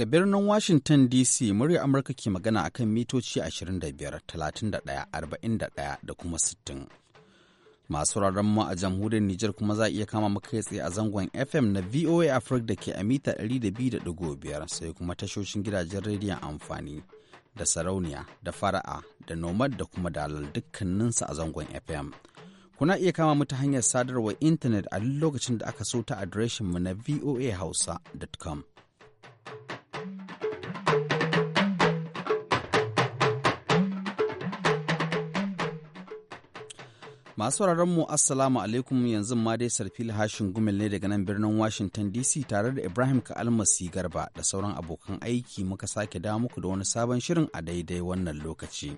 Daga birnin Washington DC murya Amurka ke magana akan mitoci 25, 31, 41 da kuma 60. Masu rarren mu a jamhuriyar Nijar kuma za a iya kama maka kai tsaye a zangon FM na VOA Africa da ke a mita 200.5 sai kuma tashoshin gidajen rediyon amfani da sarauniya da fara'a da nomad da kuma dalal dukkaninsa a zangon FM. Kuna iya kama mu ta hanyar sadarwar intanet a lokacin da aka so ta adireshinmu na voahausa.com. Masu mu Assalamu alaikum yanzu ma dai sarfil hashin gumel ne daga nan birnin Washington DC tare da Ibrahim Ka'almasi Garba da sauran abokan aiki muka sake da muku da wani sabon shirin a daidai wannan lokaci.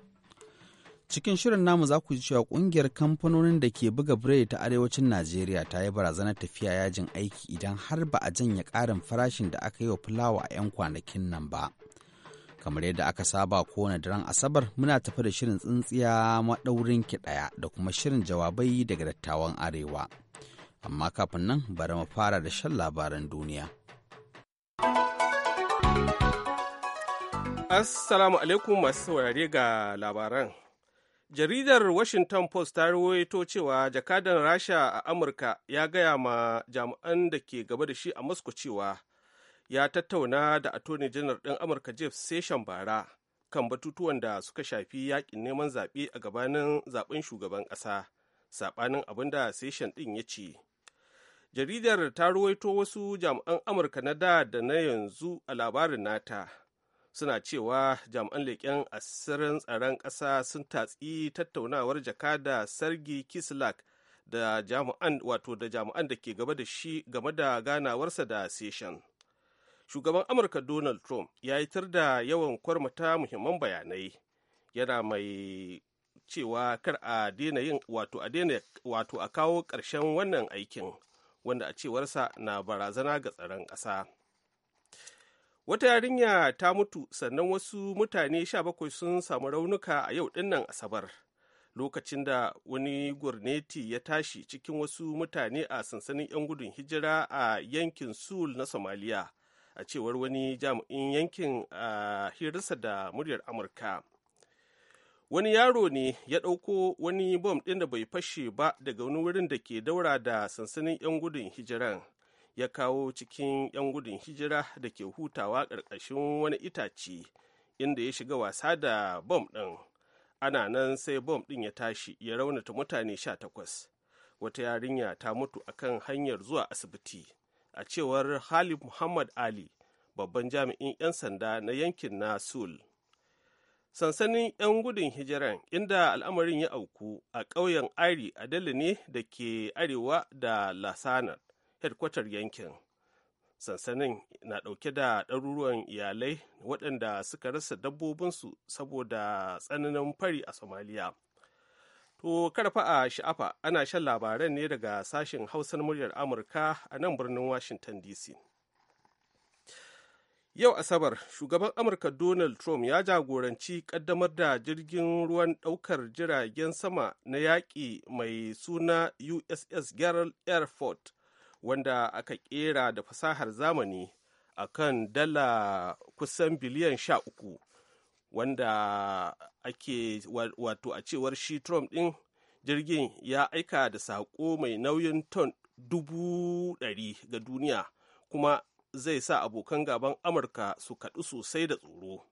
Cikin shirin namu za ku ji cewa kungiyar kamfanonin da ke buga biredi ta arewacin Najeriya ta yi barazanar tafiya yajin aiki idan har ba a janye ƙarin farashin da aka yi wa fulawa a 'yan kwanakin nan ba. kamar yadda aka saba kowane daren asabar muna tafi da shirin tsintsiya maɗaurin ki ɗaya da kuma shirin jawabai daga dattawan arewa amma kafin nan bari mu fara da shan labaran duniya assalamu alaikum masu saurare ga labaran jaridar washington post ta rawaito cewa jakadan rasha a amurka ya gaya ma jami'an da ke gaba da shi a moscow cewa ya tattauna da attorney general ɗin amurka jeff session bara kan batutuwan da suka shafi yakin neman zaɓe a gabanin zaɓen shugaban ƙasa saɓanin abin da session ɗin ya ce jaridar ta ruwaito wasu jami'an amurka na da da na yanzu a labarin nata suna cewa jami'an leƙen asirin tsaron ƙasa sun tatsi tattaunawar jakada sargi kislak da jami'an wato da jami'an da ke gaba da shi game da ganawarsa da session shugaban amurka donald trump ya yi tar da yawan kwarmata muhimman bayanai yana mai cewa kar a daina yin wato a daina wato a kawo ƙarshen wannan aikin wanda a cewarsa na barazana ga tsaron ƙasa wata yarinya ta mutu sannan wasu mutane sha bakwai sun samu raunuka a yau dinnan asabar lokacin da wani gurneti ya tashi cikin wasu mutane a sansanin 'yan gudun hijira a yankin sul na somaliya a cewar wani jami'in yankin a hirarsa da muryar amurka wani yaro ne ya ɗauko wani bom ɗin da bai fashe ba daga wani wurin da ke daura da sansanin 'yan gudun hijiran ya kawo cikin 'yan gudun hijira da ke hutawa ƙarƙashin wani itace inda ya shiga wasa da bom ɗin ana nan sai bom ɗin ya tashi ya raunata mutane 18 wata yarinya ta mutu akan hanyar zuwa asibiti a cewar Halif Muhammad Ali, babban jami'in 'yan sanda na yankin na Sul. Sansanin 'yan gudun hijiran inda al'amarin ya auku a ƙauyen Ari a Dali ne da ke arewa da lasana hedkwatar yankin. Sansanin na ɗauke da ɗaruruwan iyalai waɗanda suka rasa dabbobinsu saboda tsananin fari a Somaliya. To karfa a sha'afa ana shan labaran ne daga sashen hausar muryar Amurka a nan birnin Washington DC. Yau Asabar, shugaban Amurka Donald Trump ya jagoranci kaddamar da jirgin ruwan ɗaukar jiragen sama na yaƙi mai suna USS Gerald Airfort, wanda aka ƙera da fasahar zamani a kan dala kusan biliyan sha uku. wanda ake wato a cewar shi trump din, jirgin ya aika da saƙo mai nauyin ton dubu ɗari ga duniya kuma zai sa abokan gaban amurka su kaɗu sosai da tsoro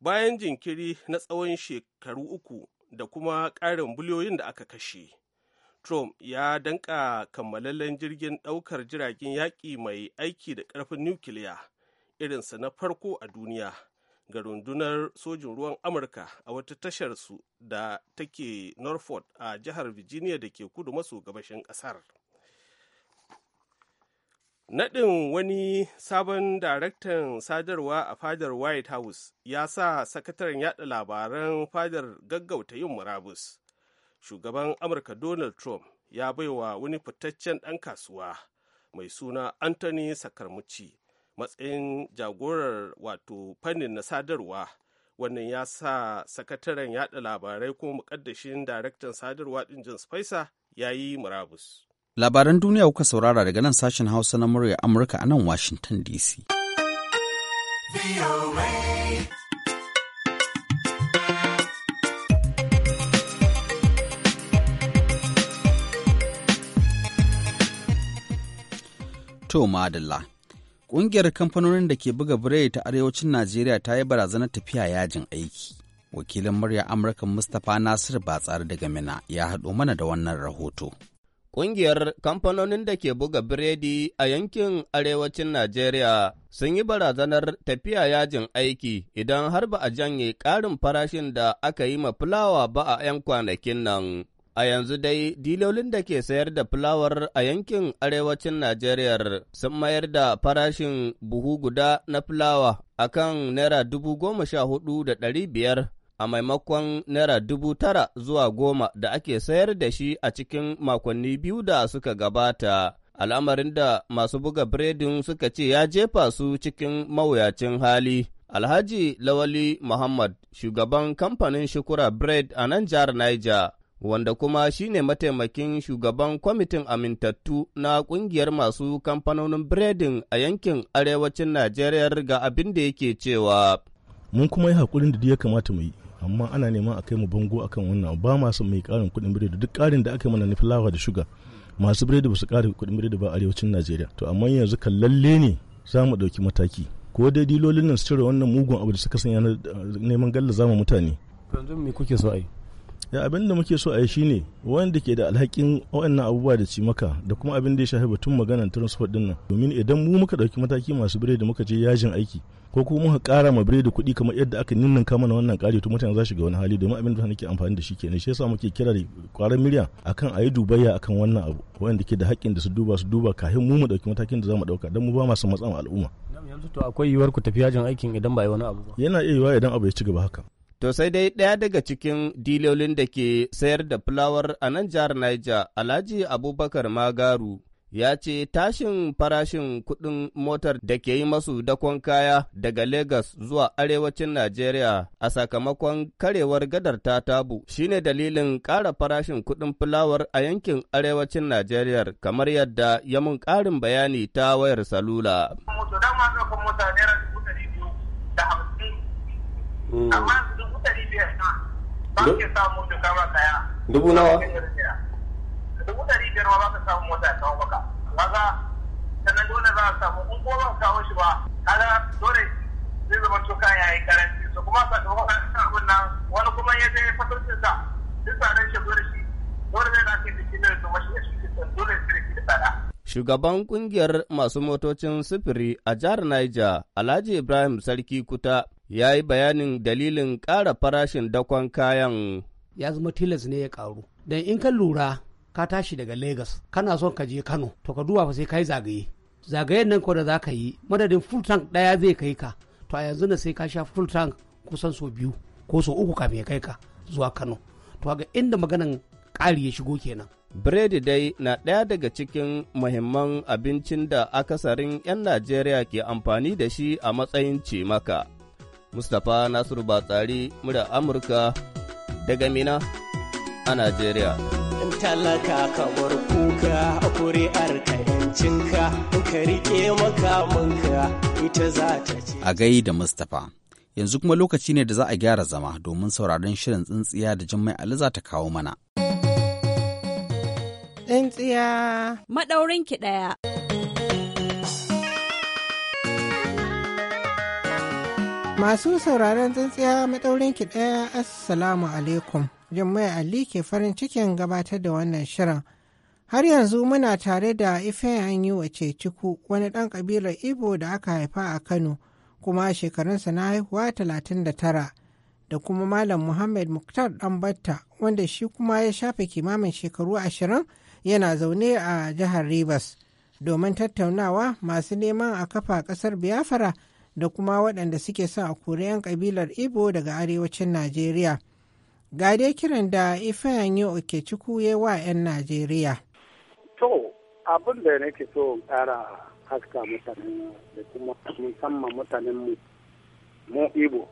bayan jinkiri na tsawon shekaru uku da kuma ƙarin biliyoyin da aka kashe trump ya danka kammalallen jirgin ɗaukar jiragen yaƙi mai aiki da ƙarfin nukiliya irinsa na farko a duniya ga rundunar sojin ruwan amurka a wata tashar su da take norfolk a jihar virginia da ke kudu maso gabashin kasar Naɗin wani sabon daraktan sadarwa a fadar White House ya sa sakataren yada labaran fadar gaggauta yin murabus. Shugaban Amurka Donald Trump ya baiwa wani fitaccen ɗan kasuwa mai suna Anthony Sakarmuci matsayin jagorar wato fannin na sadarwa wannan ya sa sakataren yada labarai kuma mukaddashin daraktan sadarwa din jin spaisa ya yi murabus labaran duniya kuka saurara daga nan sashen hausa na murya amurka a nan washington dc To madalla Ƙungiyar kamfanonin da ke buga biredi ta arewacin Najeriya ta yi barazanar tafiya yajin aiki. Wakilin murya Amurka Mustapha Nasir Batsari daga Mina ya haɗo mana da wannan rahoto. Ƙungiyar kamfanonin da ke buga biredi a yankin arewacin Najeriya sun yi barazanar tafiya yajin aiki idan har ba a janye ƙarin farashin da aka yi ma fulawa ba a 'yan kwanakin nan. A yanzu dai dilolin da ke sayar da fulawar a yankin arewacin Najeriya sun mayar da farashin buhu guda na fulawa a kan Naira dubu goma sha hudu da ɗari biyar a maimakon Naira dubu tara zuwa goma da ake sayar da shi a cikin makonni biyu da suka gabata. Al'amarin da masu buga biredin suka ce ya jefa su cikin mawuyacin hali. Alhaji Lawali Muhammad, shugaban kamfanin Shukura Bread a nan jihar Niger. wanda kuma shine mataimakin shugaban kwamitin amintattu na kungiyar masu kamfanonin biredin a yankin arewacin Najeriya ga abin da yake cewa. Mun kuma yi haƙurin da ya kamata mu yi, amma ana neman a kai mu bango akan wannan ba ma mai ƙarin kuɗin biredi duk ƙarin da aka mana na filawa da shuga masu biredi ba su ƙara kuɗin biredi ba arewacin Najeriya. To amma yanzu kallalle ne za mu ɗauki mataki. Ko dai dilolin nan su cire wannan mugun abu da suka sanya neman galla zama mutane. Yanzu me kuke so a yi? ya abin da muke so a yi shine wanda ke da alhakin waɗannan abubuwa da cimaka da kuma abin da ya shafi batun maganar transport din nan domin idan mu muka ɗauki mataki masu bire da muka je yajin aiki ko kuma muka ƙara ma bire da kuɗi kamar yadda aka ninninka mana wannan ƙari to mutane za su ga wani hali domin abin da nake amfani da shi kenan shi yasa muke kira da kwarar miliyan akan a yi dubayya akan wannan abu waɗanda ke da haƙƙin da su duba su duba kafin mu mu ɗauki matakin da za mu ɗauka don mu ba masu matsan al'umma. yanzu to akwai yiwuwar ku tafi yajin aikin idan ba a yi wani abu ba. yana iya yiwuwa idan abu ya ci gaba haka. To sai dai ɗaya daga cikin dilolin da ke sayar da fulawar a nan jihar Niger, Alhaji Abubakar Magaru, ya ce tashin farashin kuɗin motar da ke yi masu dakon kaya daga lagos zuwa arewacin Najeriya a sakamakon karewar gadar ta tabu shine dalilin ƙara farashin kuɗin fulawar a yankin arewacin Najeriya kamar yadda ya mun ƙarin bayani ta wayar salula. Mm. Amma ba ke samu samu mota ya a kaga dole yayi karanci kuma Shugaban kungiyar masu motocin sufuri a jihar Niger, Alhaji Ibrahim Sarki Kuta, ya yi bayanin dalilin ƙara farashin dakon kayan. Ya zama tilas ne ya ƙaru. Don in ka lura ka tashi daga Legas, kana son ka je Kano, to ka duba fa sai ka yi zagaye. Zagayen nan ko da za ka yi, madadin full tank ɗaya zai kai ka, to a yanzu na sai ka sha full tank kusan so biyu ko so uku kafin ya kai ka zuwa Kano. To ga inda maganan ƙari ya shigo kenan. Biredi dai na ɗaya daga cikin muhimman abincin da akasarin 'yan Najeriya ke amfani da shi a matsayin cimaka. Mustapha Nasiru Batsari murya Amurka daga Mina a Najeriya. In talaka ka bar kuka a kuri'ar ka yancinka in ka riƙe makamanka ita za ta ce. A gai da Mustapha. Yanzu kuma lokaci ne da za a gyara zama domin sauraron shirin tsintsiya da Jummai Ali za ta kawo mana. Tsintsiya. Maɗaurinki ɗaya. Masu sauraron tsintsiya maɗaurin ki ɗaya Assalamu alaikum. Jummai Ali ke farin cikin gabatar da wannan shirin. Har yanzu muna tare da yi wace ciku wani ɗan ƙabilar Igbo da aka haifa a Kano kuma shekarunsa na haihuwa talatin da tara. da kuma Malam Muhammad Muktar batta wanda shi kuma ya shafe kimamin shekaru ashirin yana zaune a jihar Rivers domin tattaunawa masu neman a kafa ƙasar Biafra da kuma waɗanda suke son a kori 'yan ƙabilar ibo daga arewacin Najeriya. Ga dai kiran da Ifeanyi Okechukwu ya wa 'yan Najeriya. To, abin da nake so ƙara haska mutane da kuma musamman mutanen mu mu ibo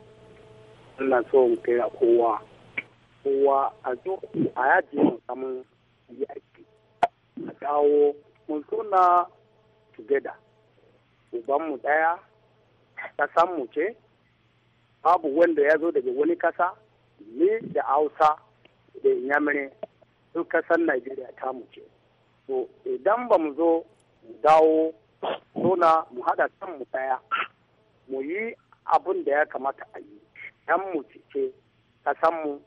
Ina so mu kai kowa. Kowa a zo a yaji yi aiki A dawo mu suna together. Ubanmu ɗaya, ta samu ce babu wanda ya zo daga wani kasa ni da hausa da yamire duk kasar najeriya ta mu ce to idan ba mu zo mu dawo zona mu haɗa kan mu ɗaya mu yi abin da ya kamata a yi dan mu ce kasan mu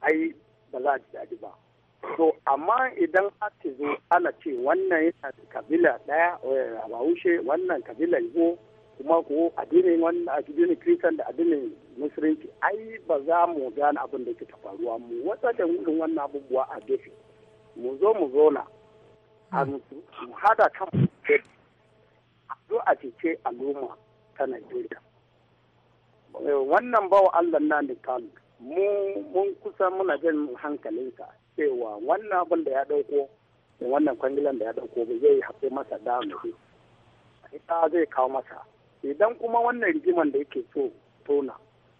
ai ba za a ji ba to amma idan aka zo ana ce wannan yana kabila ɗaya eh, a wannan kabila igbo kuma ko addinin wannan addinin kristan da addinin musulunci ai ba za mu gane abin da ke faruwa mu wasa da wannan abubuwa a gefe mu zo mu zona a hmm. mu hada kan a zo a cece al'umma ta Najeriya eh, wannan bawa Allah na ne kalu mu mun kusa muna jin hankalinsa cewa wannan abin da ya dauko da wannan kwangilan da ya dauko ba zai haɗe masa da ita zai kawo masa idan kuma wannan rigiman da yake so tona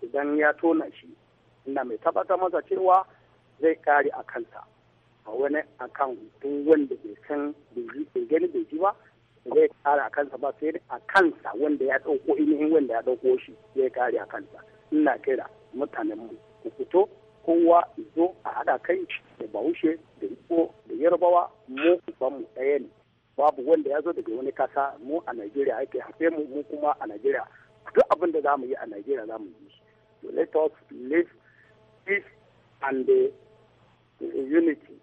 idan ya tona shi na mai tabbatar masa cewa zai kare a kansa a wani akan duk wanda bai san bai gani bai ji ba zai kare a kansa ba sai a kansa wanda ya dauko ainihin wanda ya ɗauko shi zai kare a kansa ina kira mutanen mu ku fito kowa zo a hada kai da bahaushe da iko da yarbawa mu ban mu ɗaya ne babu wanda ya zo daga wani kasa mu a Najeriya ake hafe mu mu kuma a Najeriya duk abin da zamu yi a Najeriya zamu yi so let us live peace and the uh, unity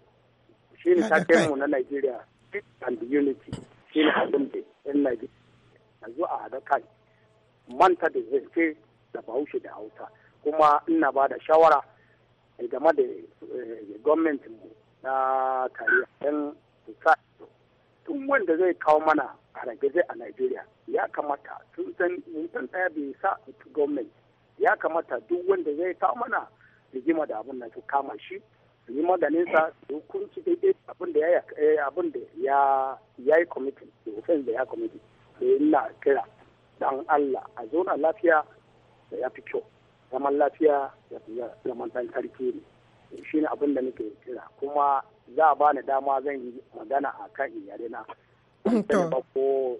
ne take mu na Najeriya peace and unity ne abin da ke Najeriya a zo a haɗa kai manta da zance da bahaushe da hausa kuma ina ba da shawara game da eh, gwamnatin mu na kariya yan duk wanda zai kawo mana harageze a Najeriya ya kamata sun san mutum ɗaya bai sa gwamnati ya kamata duk wanda zai kawo mana rigima da abin nan su kama shi su yi sa su hukunci daidai abin da ya eh, abin da ya yi kwamitin da ofin da ya kwamiti da na kira dan Allah a zona lafiya da ya fi kyau zaman lafiya ya fi zaman dan karfi ne shi ne abin da nake kira kuma za a bani dama zan yi magana a kan iyalai na ko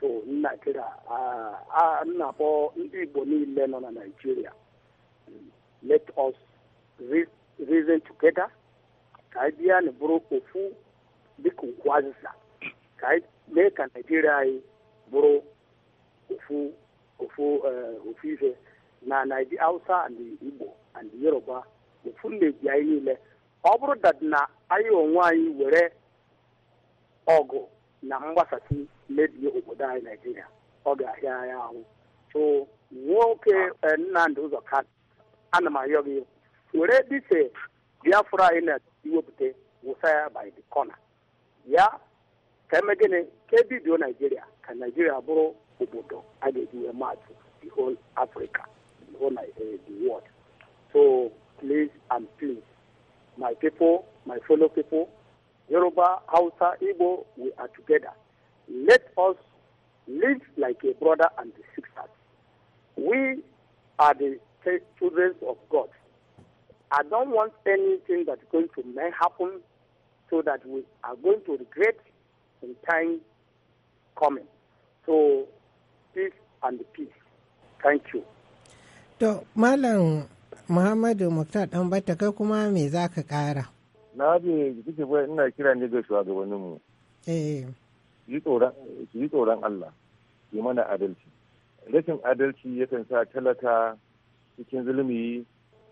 to ina kira a ina fo ndị igbo niile nọ na naijiria let us reason together ka anyị bịa na bụrụ ofu dịka ukwu azịza ka anyị mee ka naijiria anyị bụrụ ofu ofu eh, ofu ife na naiji hausa and igbo and yoruba ofu nneji anyị niile ọ bụrụ na anyị onwe anyị were ọgụ na mgbasasị mebie obodo anyị naijiria ọ ga-ahịa anyị ahụ so nwoke eh, nnamdị ụzọ ana m ayọ gị were dịse biafra anyị na-iwepụta wụsa ya by the corner ya ka eme gịnị ka ebidio naijiria ka naijiria bụrụ obodo a ga-eji wee maatụ the whole africa the whole eh, world so please and please my people, my fellow people, Yoruba, Hausa, Igbo, we are together. Let us live like a brother and a sister. We are the children of God. I don't want anything that's going to may happen so that we are going to regret in time coming. So, peace and peace. Thank you. To, Malang Muhammadu Muktar Ɗanbata kai kuma me za ka ƙara? Na je kike kuwa ina kira ne ga mu. Eh. Su yi tsoron Allah, yi mana adalci. Rashin adalci yakan sa talaka cikin zulumi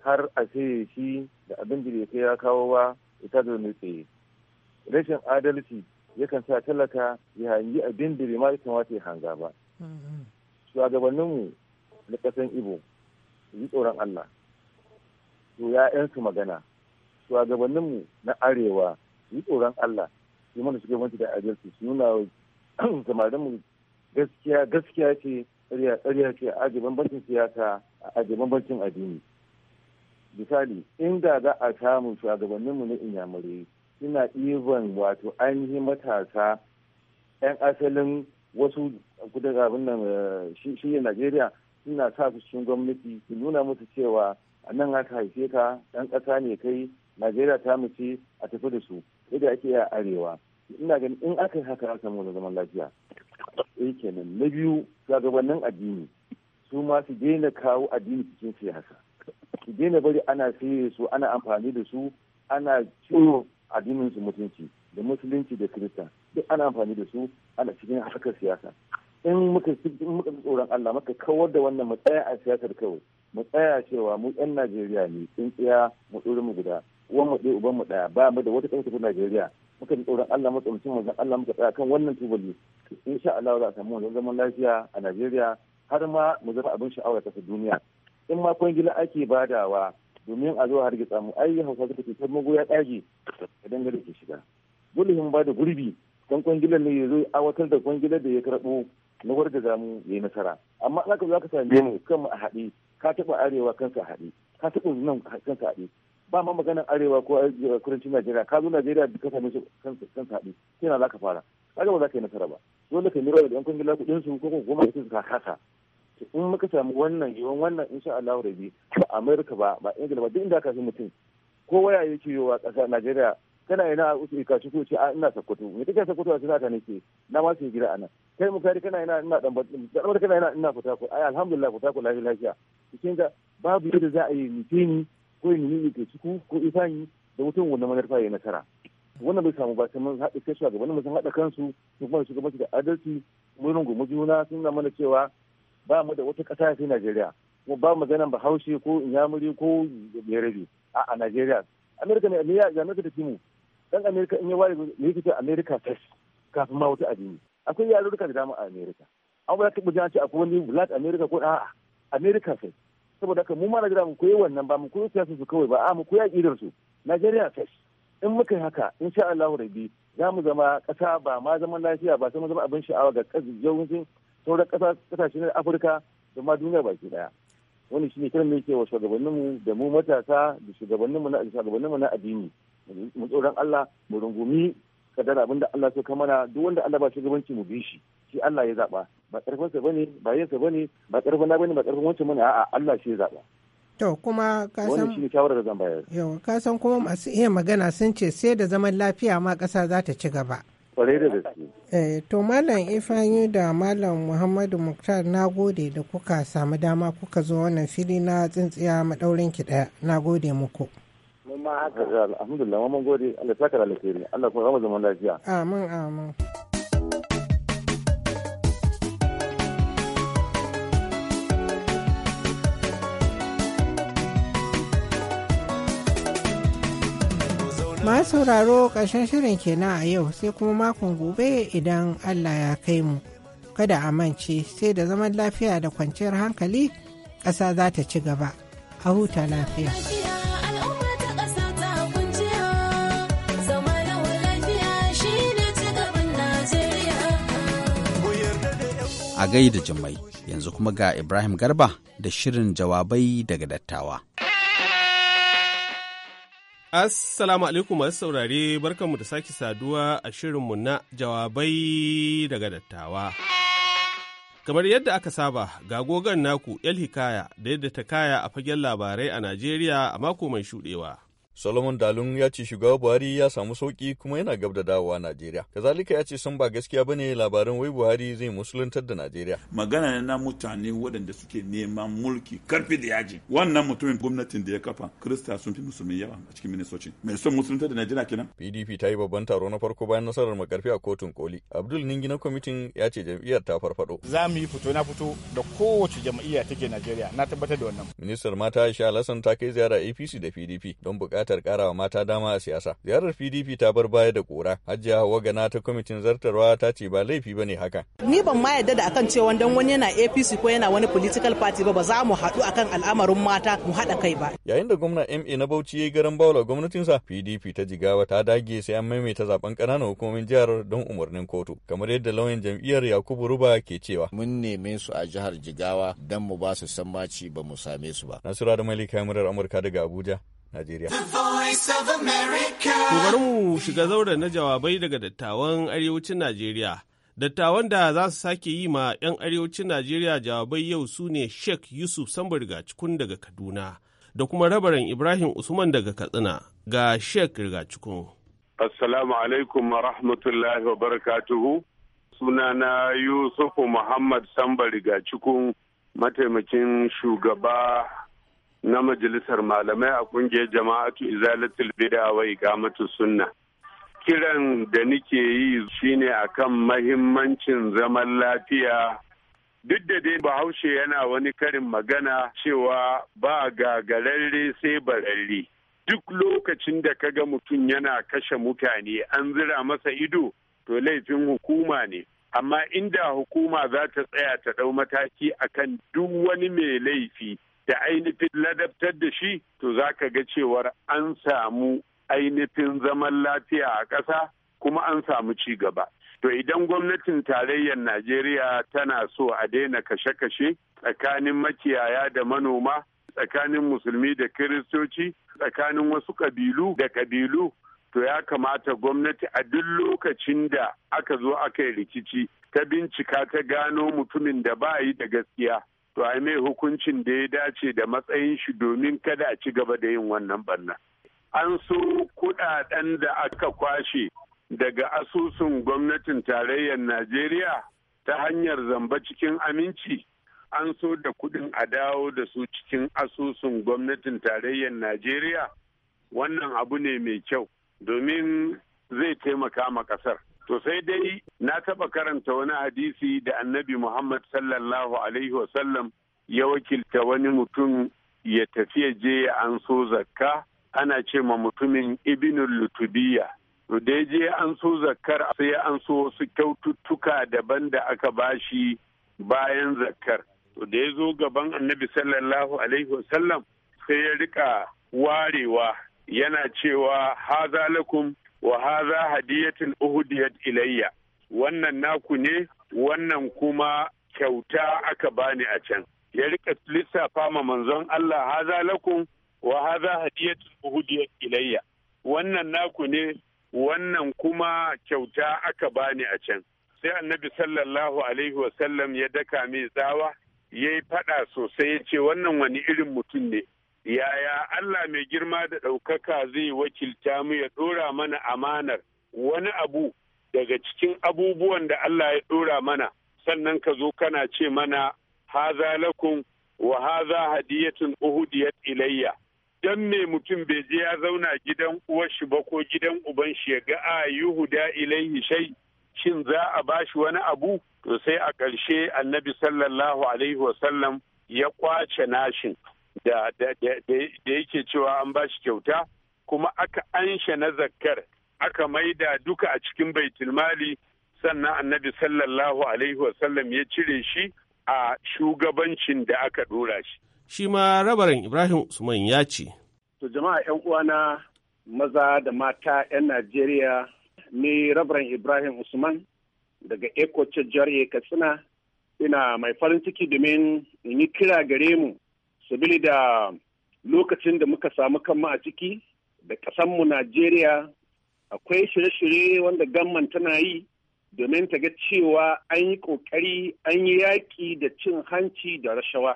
har a sai shi da abin da kai ya kawo ba ita da tsaye. Rashin adalci yakan sa talaka ya hangi abin da ma ya kamata ya hanga ba. Mm-hmm. mu na ƙasan Ibo, yi tsoron Allah. to ya'yansu magana shugabanninmu na arewa su yi tsoron allah su mana wancan da adalci su nuna samarinmu gaskiya gaskiya ce tsariya ce a ajiye bambancin siyasa a ajiye bambancin addini misali inda za a samu shugabanninmu na inyamurai suna ivan wato ainihin matasa 'yan asalin wasu kudu abin nan eh, shi najeriya suna sa su cikin gwamnati su nuna musu cewa a nan aka haife ka ɗan ƙasa ne kai najeriya ta mace a tafi da su yadda ake a arewa ina ganin in aka yi haka a samu zaman lafiya eh kenan na biyu shugabannin addini su ma su daina kawo addini cikin siyasa su daina bari ana siye su ana amfani da su ana ciwo addinin su mutunci da musulunci da kirista duk ana amfani da su ana cikin harkar siyasa in muka tsoron Allah muka kawar da wannan matsaya a siyasar kawai mu tsaya cewa mu 'yan najeriya ne tsintsiya mu tsuri mu guda uwan mu ɗaya uban mu ɗaya ba mu da wata ƙarfi ta najeriya muka ji tsoron allah matsalolin mu allah muka tsaya kan wannan tubali sha allah za a samu wani zaman lafiya a najeriya har ma mu zama abin sha'awar kasa duniya in ma gila ake badawa domin a zo hargitsa mu ai hausa suka ce kan magoya ɗage a dangare ke shiga gulhin ba da gurbi dan kwangilar ne ya zo awatar da kwangilar da ya karɓo na wargaza zamu ya yi nasara amma in aka zo aka same mu kan mu a haɗe ka taɓa arewa kanka haɗe ka taɓa nan kanka haɗe ba ma maganar arewa ko kudancin najeriya ka zo najeriya da ka same su kanka haɗe yana za ka fara kaga ba za ka yi nasara ba dole ka nira da yan kungiyar kuɗin su ko kuma su ka kasa in muka samu wannan yawan wannan insha Allah rabi ba Amerika ba ba Ingila ba duk inda ka mutum ko waya yake yiwuwa kasa Najeriya kana usu ka ci ko ce a ina sakkwato me kake sakkwato a cikin nake na ma sai gida anan kai mu kari kana ina ina dan dan kana ina ina fita ko ai alhamdulillah fita ko lafiya lafiya cikin ga babu yadda za a yi mutini ko yin ni ke ciku ko isani da mutum wannan fa ya nasara wannan bai samu ba sai mun haɗa kai shugabannin mu sun haɗa kansu su kuma shugabanci da adalci mun mu juna sun na mana cewa ba mu da wata ƙasa sai Najeriya ko ba mu ganin Bahaushe ko Inyamuri ko yarebe a a Najeriya Amerika ne Amerika da Timu dan amerika in ya ware ne ta amerika first kafin ma wata addini akwai yarurruka da dama a amerika an ba ta bujan ce akwai wani black america ko a'a america first saboda haka mu ma na jira mu koyi wannan ba mu koyi siyasa su kawai ba a mu koyi aqidar su Najeriya first in muka yi haka insha Allahu rabbi za mu zama kasa ba ma zaman lafiya ba sai mu zama abin sha'awa ga yawancin sauran ƙasashen Afirka da ma duniya baki daya wani shine kiran da yake wa shugabanninmu da mu matasa da shugabanninmu na addini mu tsoron Allah mu rungumi kadar abin da Allah so kamana duk wanda Allah ba gabanci mu bi shi shi Allah ya zaba ba karfin sa bane ba sa bane ba karfin na bane ba karfin wancan bane a'a Allah shi ya zaba to kuma ka san wannan shine shawara da zan bayar yau ka san kuma masu iya magana sun ce sai da zaman lafiya ma kasa za ta ci gaba eh to malam Ifanyu da malam Muhammadu Muktar gode da kuka samu dama kuka zo wannan fili na tsintsiya madaurin ki daya gode muku ma amin amin Ma sauraro ƙarshen shirin kenan a yau sai kuma makon gobe idan Allah ya kai mu. Kada a mance sai da zaman lafiya da kwanciyar hankali ƙasa za ta ci gaba. A huta lafiya. a da jimai yanzu kuma ga Ibrahim Garba da shirin jawabai daga dattawa. Assalamu alaikum masu saurare barkanmu da sake saduwa a shirinmu na jawabai daga dattawa. Kamar yadda aka saba, ga gogon naku El Hikaya da yadda ta kaya a fagen labarai a Najeriya a mako mai shuɗewa. Solomon Dalun ya ce shugaba Buhari ya samu sauki kuma yana gab da dawowa Najeriya. Kazalika ya ce sun ba gaskiya bane labarin wai Buhari zai musuluntar da Najeriya. Magana na mutane waɗanda suke neman mulki karfi da yaji. Wannan mutumin gwamnatin da ya kafa Kirista sun fi musulmi yawa a cikin Minnesota. Mai son musuluntar da Najeriya kenan. PDP ta yi babban taro na farko bayan nasarar makarfi a kotun koli. Abdul Ningi na kwamitin ya ce jam'iyyar ta farfado. Za mu yi fito na fito da kowace jam'iyya take Najeriya na tabbatar da wannan. Ministar mata Aisha Alhassan ta kai ziyara APC da PDP don buƙatar buƙatar karawa mata dama a siyasa. Ziyarar PDP ta bar baya da ƙura. Hajiya Hauwa Gana ta kwamitin zartarwa ta ce ba laifi ba ne haka. Ni ban ma yarda da akan cewa don wani yana APC ko yana wani political party ba ba za mu haɗu akan al'amarin mata mu haɗa kai ba. Yayin da gwamna MA na Bauchi ya yi garan bawla gwamnatinsa PDP ta jigawa ta dage sai an maimaita zaben ƙananan hukumomin jihar don umarnin kotu. Kamar yadda lauyan jam'iyyar Yakubu Ruba ke cewa. Mun neme su a jihar Jigawa don mu ba su sammaci ba mu same su ba. Nasura da Malika Murar Amurka daga Abuja. Najeriya. To mu shiga zaure na jawabai daga dattawan arewacin Najeriya. Dattawan da za su sake yi ma 'yan arewacin Najeriya jawabai yau su ne Sheikh Yusuf Sambar cikun daga Kaduna da kuma rabaran Ibrahim Usman daga Katsina ga Sheikh Rigacikun. Assalamu alaikum wa rahmatullahi wa barakatuhu. Sunana Yusuf Muhammad Sambar Rigacikun mataimakin shugaba na majalisar malamai a kungiyar jama'atu izalatul bid'a wa iqamatu sunna kiran da nike yi shine akan mahimmancin zaman lafiya duk da dai bahaushe yana wani karin magana cewa ba gagararre sai bararre duk lokacin da kaga mutum yana kashe mutane an zira masa ido to laifin hukuma ne amma inda hukuma za ta tsaya ta ɗau mataki akan duk wani mai laifi da ainihin ladabtar da shi to za ka ga cewar an samu ainihin zaman lafiya a ƙasa kuma an samu ci gaba. To idan gwamnatin tarayyar Najeriya tana so a daina kashe-kashe tsakanin makiyaya da manoma, tsakanin musulmi da kiristoci, tsakanin wasu ƙabilu da ƙabilu, to ya kamata gwamnati a duk lokacin da aka zo aka yi rikici ta bincika ta gano mutumin da ba yi da gaskiya to a mai hukuncin da ya dace da matsayin shi domin kada a ci gaba da yin wannan banna. an so kudaden da aka kwashe daga asusun gwamnatin tarayyar najeriya ta hanyar zamba cikin aminci an so da kudin a dawo da su cikin asusun gwamnatin tarayyar najeriya wannan abu ne mai kyau domin zai taimaka ma ƙasar. To sai dai na taɓa karanta wani hadisi da annabi Muhammad sallallahu Alaihi wasallam ya wakilta wani mutum ya tafi je an so zakka ana ce ma mutumin ibinul lutubiya. To da je an so zakkar sai an so wasu kyaututtuka daban da aka bashi bayan zakkar. To da ya zo gaban annabi sallallahu Alaihi wasallam sai ya riƙa warewa yana cewa haza lakum wa haza hadiyatin uhudiyat ilayya wannan naku ne wannan kuma kyauta aka bani a can ya rika lissafa ma manzon Allah haza lakum wa haza hadiyatin uhudiyat ilayya wannan naku ne wannan kuma kyauta aka bani a can sai annabi sallallahu alaihi wasallam ya daka mai tsawa ya yi faɗa sosai ya ce wannan wani irin mutum ne yaya Allah mai girma da ɗaukaka zai wakilta mu ya ɗora mana amanar wani abu daga cikin abubuwan da Allah ya ɗora mana sannan ka zo kana ce mana haza lakum wa haza hadiyatun uhudiyat ilayya dan me mutum bai je ya zauna gidan uwar shi ba ko gidan uban shi ya ga a yuhuda ilayhi shay shin za a bashi wani abu to sai a ƙarshe annabi sallallahu alaihi wasallam ya kwace nashin da yake cewa an ba shi kyauta kuma aka ansha na zakkar aka maida duka a cikin baitulmali sannan annabi sallallahu alaihi wasallam ya cire shi a shugabancin da aka dora shi. Shi ma rabarin Ibrahim Usman ya ce. To jama'a 'yan uwana maza da mata 'yan Najeriya ni rabarin Ibrahim Usman daga Eko Jarye Katsina ina mai farin ciki domin in yi kira gare mu sabili da lokacin da muka samu kanmu a ciki da mu najeriya akwai shirye-shirye wanda gamman tana yi domin ta ga cewa an yi ƙoƙari an yi yaƙi da cin hanci da rashawa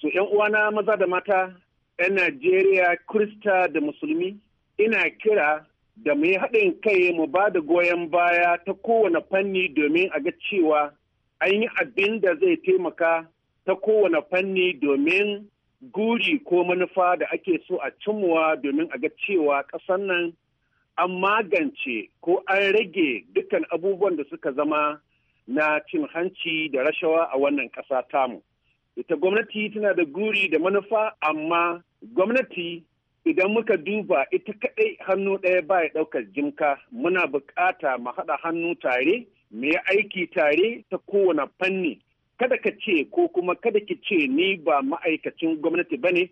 so 'yan uwana maza da mata 'yan najeriya kirista da musulmi ina kira da mu yi haɗin kai mu ba da goyon baya ta kowane fanni domin a ga cewa an yi abin da zai taimaka ta kowane fanni domin guri ko manufa da ake so a cimuwa domin a ga cewa ƙasar nan an magance ko an rage dukkan abubuwan da suka zama na cin hanci da rashawa a wannan ƙasa tamu. Ita gwamnati tana da guri da manufa amma gwamnati idan muka duba ita kaɗai hannu ɗaya ba ya ɗaukar jimka muna bukata mu haɗa hannu tare mu yi aiki tare ta kowane fanni kada ka ce ko kuma kada ki ce ni ba ma'aikacin gwamnati ba ne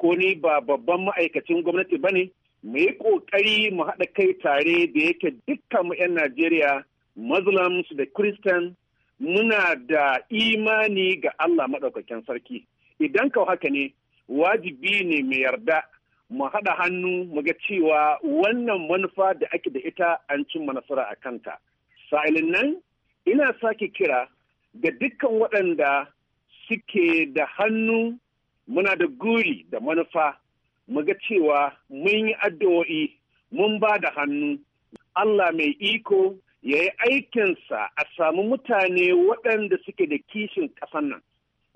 ko ni ba babban ma'aikacin gwamnati ba ne mu yi ƙoƙari mu haɗa kai tare da yake dukkan mu 'yan najeriya muslims da christian muna da imani ga allah maɗaukakin sarki idan kau haka ne wajibi ne mu yarda mu haɗa hannu mu ga cewa wannan manufa da ake da ita an cimma nasara a kanta. Sa'ilin nan ina sake kira ga dukkan waɗanda suke da hannu muna da guri da manufa mu ga cewa mun yi addu'o'i mun ba da hannu Allah mai iko ya yi aikinsa a samu mutane waɗanda suke da kishin ƙasan nan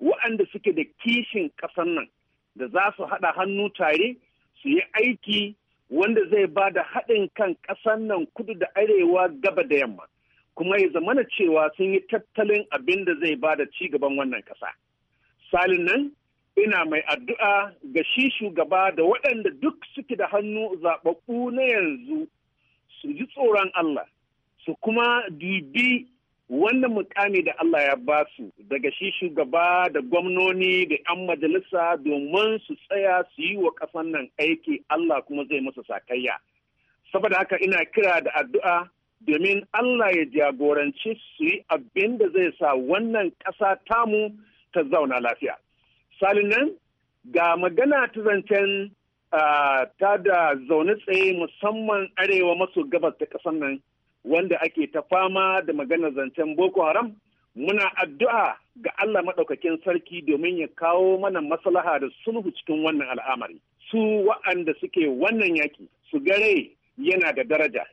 waɗanda suke da kishin ƙasan nan da za su haɗa hannu tare su yi aiki wanda zai ba da haɗin kan ƙasan nan kudu da arewa gaba da yamma kuma ya zamana cewa sun yi tattalin abin da zai ba da ci gaban wannan kasa. Salin nan ina mai addu'a ga shi shugaba da waɗanda duk suke da hannu zaɓaɓɓu na yanzu su ji tsoron Allah su kuma dubi wannan mukami da Allah ya ba su daga shi shugaba da gwamnoni da 'yan majalisa domin su tsaya su yi wa ƙasan nan aiki Allah kuma zai masa sakayya. Saboda haka ina kira da addu'a domin Allah ya jagoranci su yi abin da zai sa wannan ƙasa tamu ta zauna lafiya. Salinan ga magana ta zancen ta da zaune tsaye musamman arewa maso gabas ta ƙasar nan wanda ake ta fama da magana zancen Boko Haram muna addu'a ga Allah maɗaukakin sarki domin ya kawo mana maslaha da sulhu cikin wannan al'amari. Su wa'anda suke wannan yaki su gare yana da daraja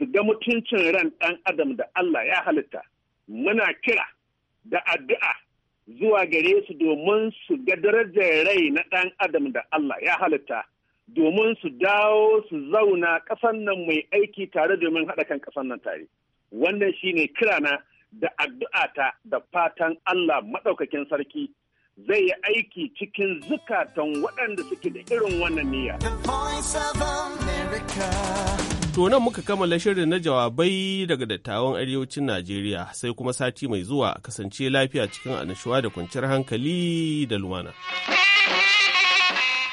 su ga mutuncin ran ɗan adam da Allah ya halitta muna kira da addu'a zuwa gare su domin su ga darajar rai na ɗan adam da Allah ya halitta domin su dawo su zauna ƙasan nan mai aiki tare domin haɗa kan ƙasan nan tare wannan shine na da addu'ata da fatan Allah maɗaukakin sarki zai yi aiki cikin zukatan waɗanda suke da irin wannan niyya. The voice of America. To nan muka kammala shirin na jawabai daga dattawan arewacin Najeriya sai kuma sati mai zuwa kasance lafiya cikin anishuwa da kwanciyar hankali da lumana.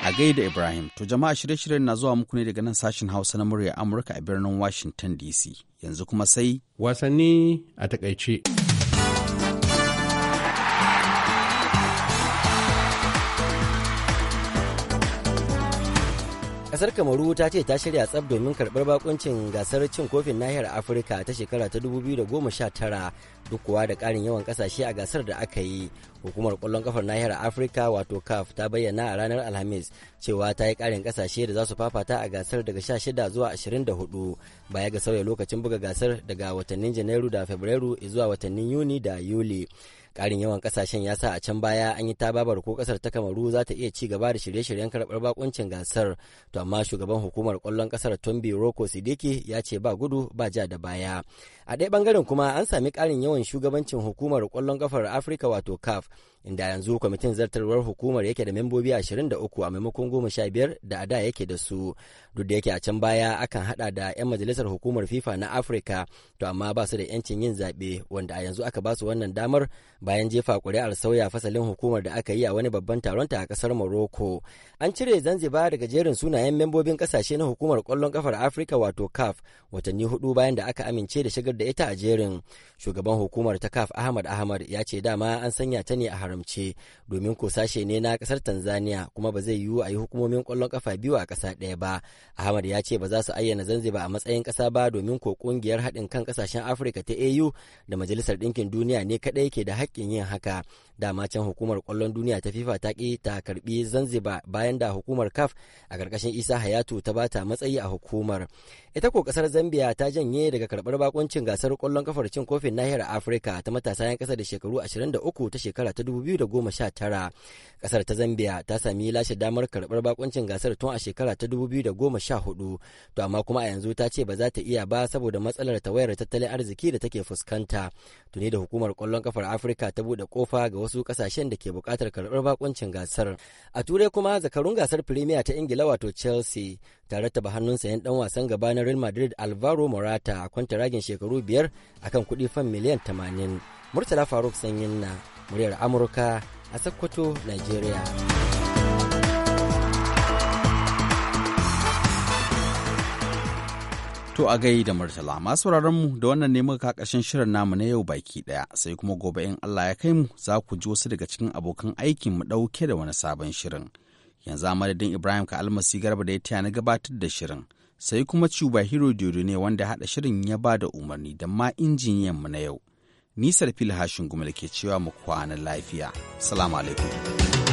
A gaida Ibrahim, to jama'a shirye-shiryen na zuwa muku ne daga nan sashen Hausa na murya Amurka a birnin Washington DC. Yanzu kuma sai wasanni a takaice. Kasar Kamaru ta ce ta shirya tsab domin karɓar bakuncin gasar cin kofin nahiyar Afirka ta shekara ta 2019 duk kuwa da ƙarin yawan ƙasashe a gasar da aka yi. Hukumar ƙwallon kafar nahiyar Afirka wato CAF ta bayyana a ranar Alhamis cewa ta yi ƙarin ƙasashe da za su fafata a gasar daga 16 zuwa 24 baya ga sauya lokacin buga gasar daga watannin Janairu da Fabrairu zuwa watannin Yuni da Yuli. karin yawan ƙasashen ya sa a can baya an yi ta tababar ko ƙasar ta Kamaru za ta iya ci gaba da shirye-shiryen karɓar bakuncin gasar. To amma shugaban hukumar kwallon ƙasar Tombi Roko Sidiki ya ce ba gudu ba ja da baya. A ɗaya ɓangaren kuma an sami ƙarin yawan shugabancin hukumar kwallon ƙafar Afirka wato CAF inda yanzu kwamitin zartarwar hukumar yake da membobi 23 a maimakon 15 da ada yake da su duk da yake a can baya akan hada da 'yan majalisar hukumar fifa na afirka to amma ba su da 'yancin yin zaɓe wanda a yanzu aka ba su wannan damar bayan jefa kuri'ar sauya fasalin hukumar da aka yi a wani babban taronta a kasar morocco an cire zanzibar daga jerin sunayen membobin kasashe na hukumar kwallon kafar afirka wato caf watanni hudu bayan da aka amince da shigar da ita a jerin shugaban hukumar ta caf ahmad ahmad ya ce dama an sanya ta ne a haramce domin ko sashe ne na kasar tanzania kuma ba zai yiwu a yi hukumomin kwallon kafa biyu a kasa ɗaya ba ahmad ya ce ba za su ayyana zanzibar a matsayin kasa ba domin ko kungiyar haɗin kan kasashen afirka ta au da majalisar ɗinkin duniya ne kaɗai ke da haƙƙin yin haka dama can hukumar kwallon duniya ta fifa ta ki ta karbi zanzibar bayan da hukumar caf a karkashin isa hayatu ta bata matsayi a hukumar ita ko kasar zambia ta janye daga karbar bakoncin gasar kwallon kafar cin kofin nahiyar afirka ta matasa yan kasa da shekaru 23 ta shekara ta 2019 kasar ta zambia ta sami lashe damar karbar bakoncin gasar tun a shekara ta 2014 to amma kuma a yanzu ta ce ba za ta iya ba saboda matsalar tawayar tattalin arziki da take fuskanta tuni da hukumar kwallon kafar afirka ta buɗe kofa ga wasu kasashen da ke bukatar karɓar bakuncin gasar. A turai kuma zakarun gasar firimiya ta Ingila wato Chelsea tare ta ba hannun sayan dan wasan gaba na Real Madrid Alvaro Morata a kwantaragin shekaru biyar akan kuɗi fan miliyan tamanin, Murtala Faruk Sanyin na muryar Amurka a Sokoto, Nigeria. To a gai da Murtala masu mu da wannan ne muka kakashin shirin namu na yau baki daya sai kuma gobe in Allah ya kai mu za ku ji wasu daga cikin abokan aikin mu dauke da wani sabon shirin. Yanzu a madadin Ibrahim ka almasi garba da ya taya na gabatar da shirin sai kuma Cuba Hero Dodo ne wanda haɗa shirin ya ba da umarni da ma injiniyan mu na yau. Nisar fili hashin gumal ke cewa mu kwana lafiya. Salamu alaikum.